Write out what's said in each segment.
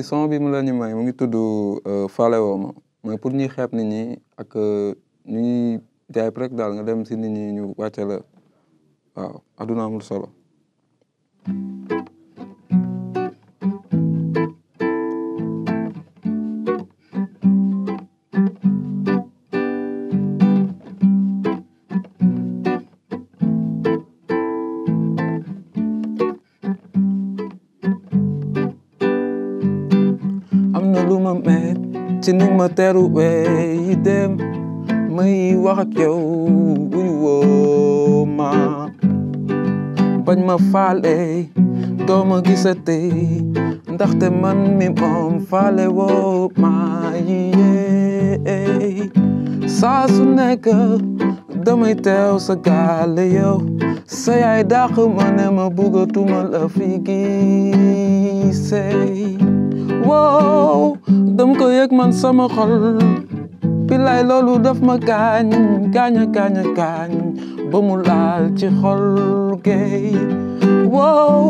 son bi mu la ñu may mu ngi tuddu euh, faale woo ma mooy pour ñuy xeeb nit ñi ak ñu euh, ñuy jaay rek daal nga dem si nit ñi ñu wàcce la waaw adduna mu solo ci ni ma teeru wey dem may wax ak yow bu ñu woo ma bañ ma faale doo ma gisate ndaxte man mi moom faale woo ma yee saa su nekk damay teew sa gaale yow sa yaay dàq ma ne ma bëggatuma la fi gisee woo tënk yëg man sama xol bilaay loolu daf ma gaañ gaañ gaañ gaañ ba mu laal ci xol géey wow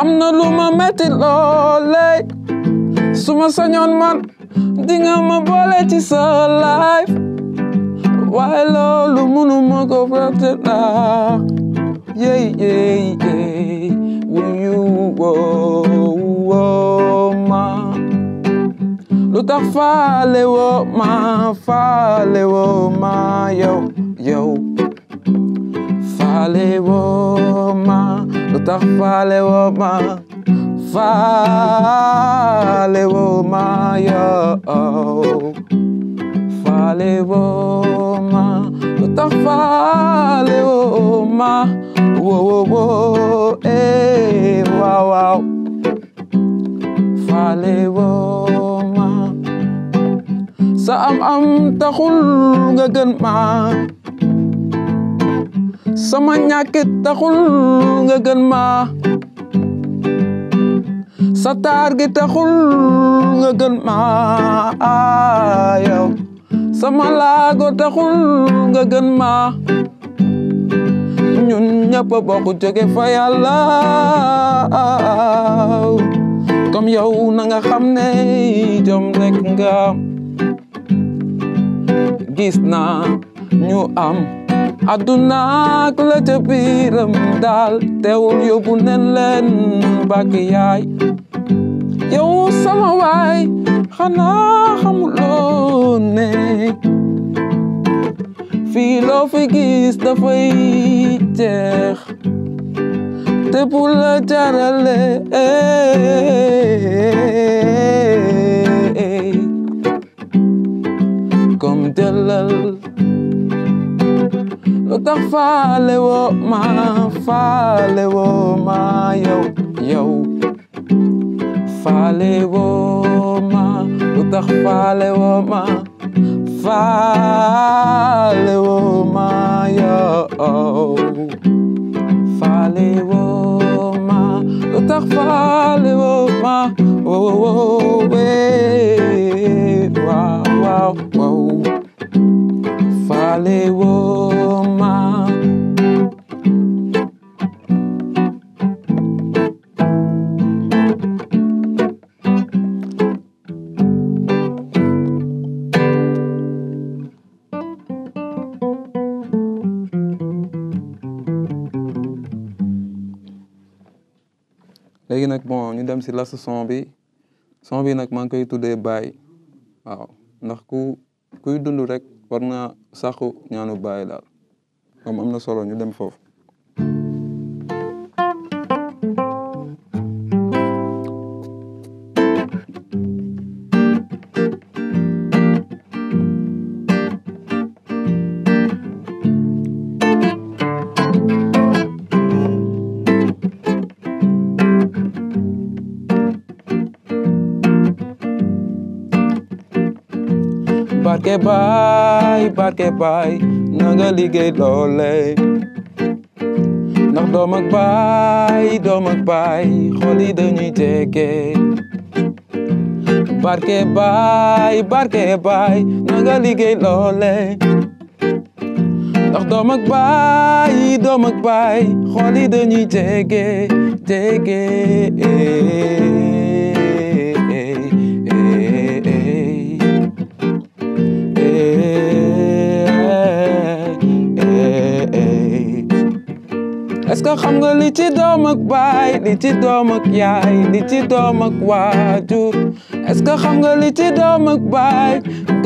am na lu ma metti loole su ma sañoon man dinga ma boole ci sa life waaye loolu munu ma ko fàtte will you wow da o ma fale o ma yo yo o ma o da o ma fale o ma yo o ma o da o ma wo wo wo eh wow wow o Sa am taxul nga gën ma sa manyakit taxul nga ma sa target gi taxul ma yow sama laago taxul nga ma ñun ñëpp a bokk jóge fa yàlla comme yow na nga xam jom rek nga gis ñu am aduna ak la ca biiram daal teewul yóbbu nen leen bàkk yaay yow sama waay xanaa xamuloo ne fii loo fi gis dafay jeex te bu la jarale delal lu tax faale woo ma faale woo ma yow yow faale woo ma lu tax faale woo ma faale woo ma yow faale woo ma lu tax faale woo ma woo woo waaw waaw léegi nag bon ñu dem si las son bi son bi nag maa ngi koy tuddee baay waaw ndax ku kuy dund rek war na saxu ñaanu baay daal comme am na solo ñu dem foofu bat ke bay bat ke bay na nga liggéey loole ndax doom ak baay doom ak baay xol yi dañuy jege barke baay barke baay na nga liggéey loole ndax baay doom baay xol Ask xam nga li ci doom ak baay li ci doom ak yaay li ci doom ak waajur est-ce que xam nga li ci doom ak baay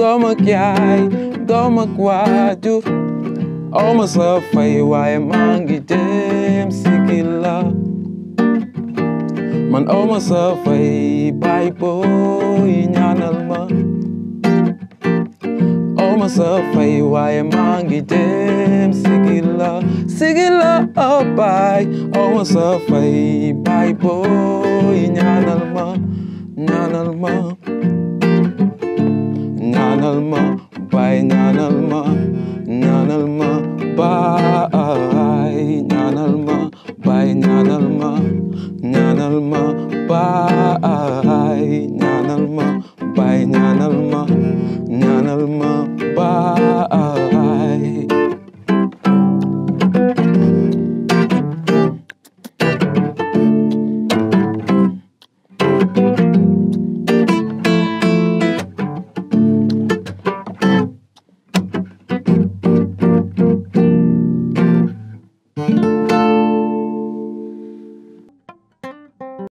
doom ak yaay doom ak waajur sa fay waaye maa ngi dem sigil man aw sa fay baay booy ñaanal ma aw sa fay waaye maa ngi dem sigil love, singing lullaby. Oh, safai Bible, nyanalma, nyanalma, nyanalma, bye, nyanalma, nyanalma, by nyanalma, bye, nyanalma, nyanalma, bye, nyanalma, by nyanalma, nyanalma, bye.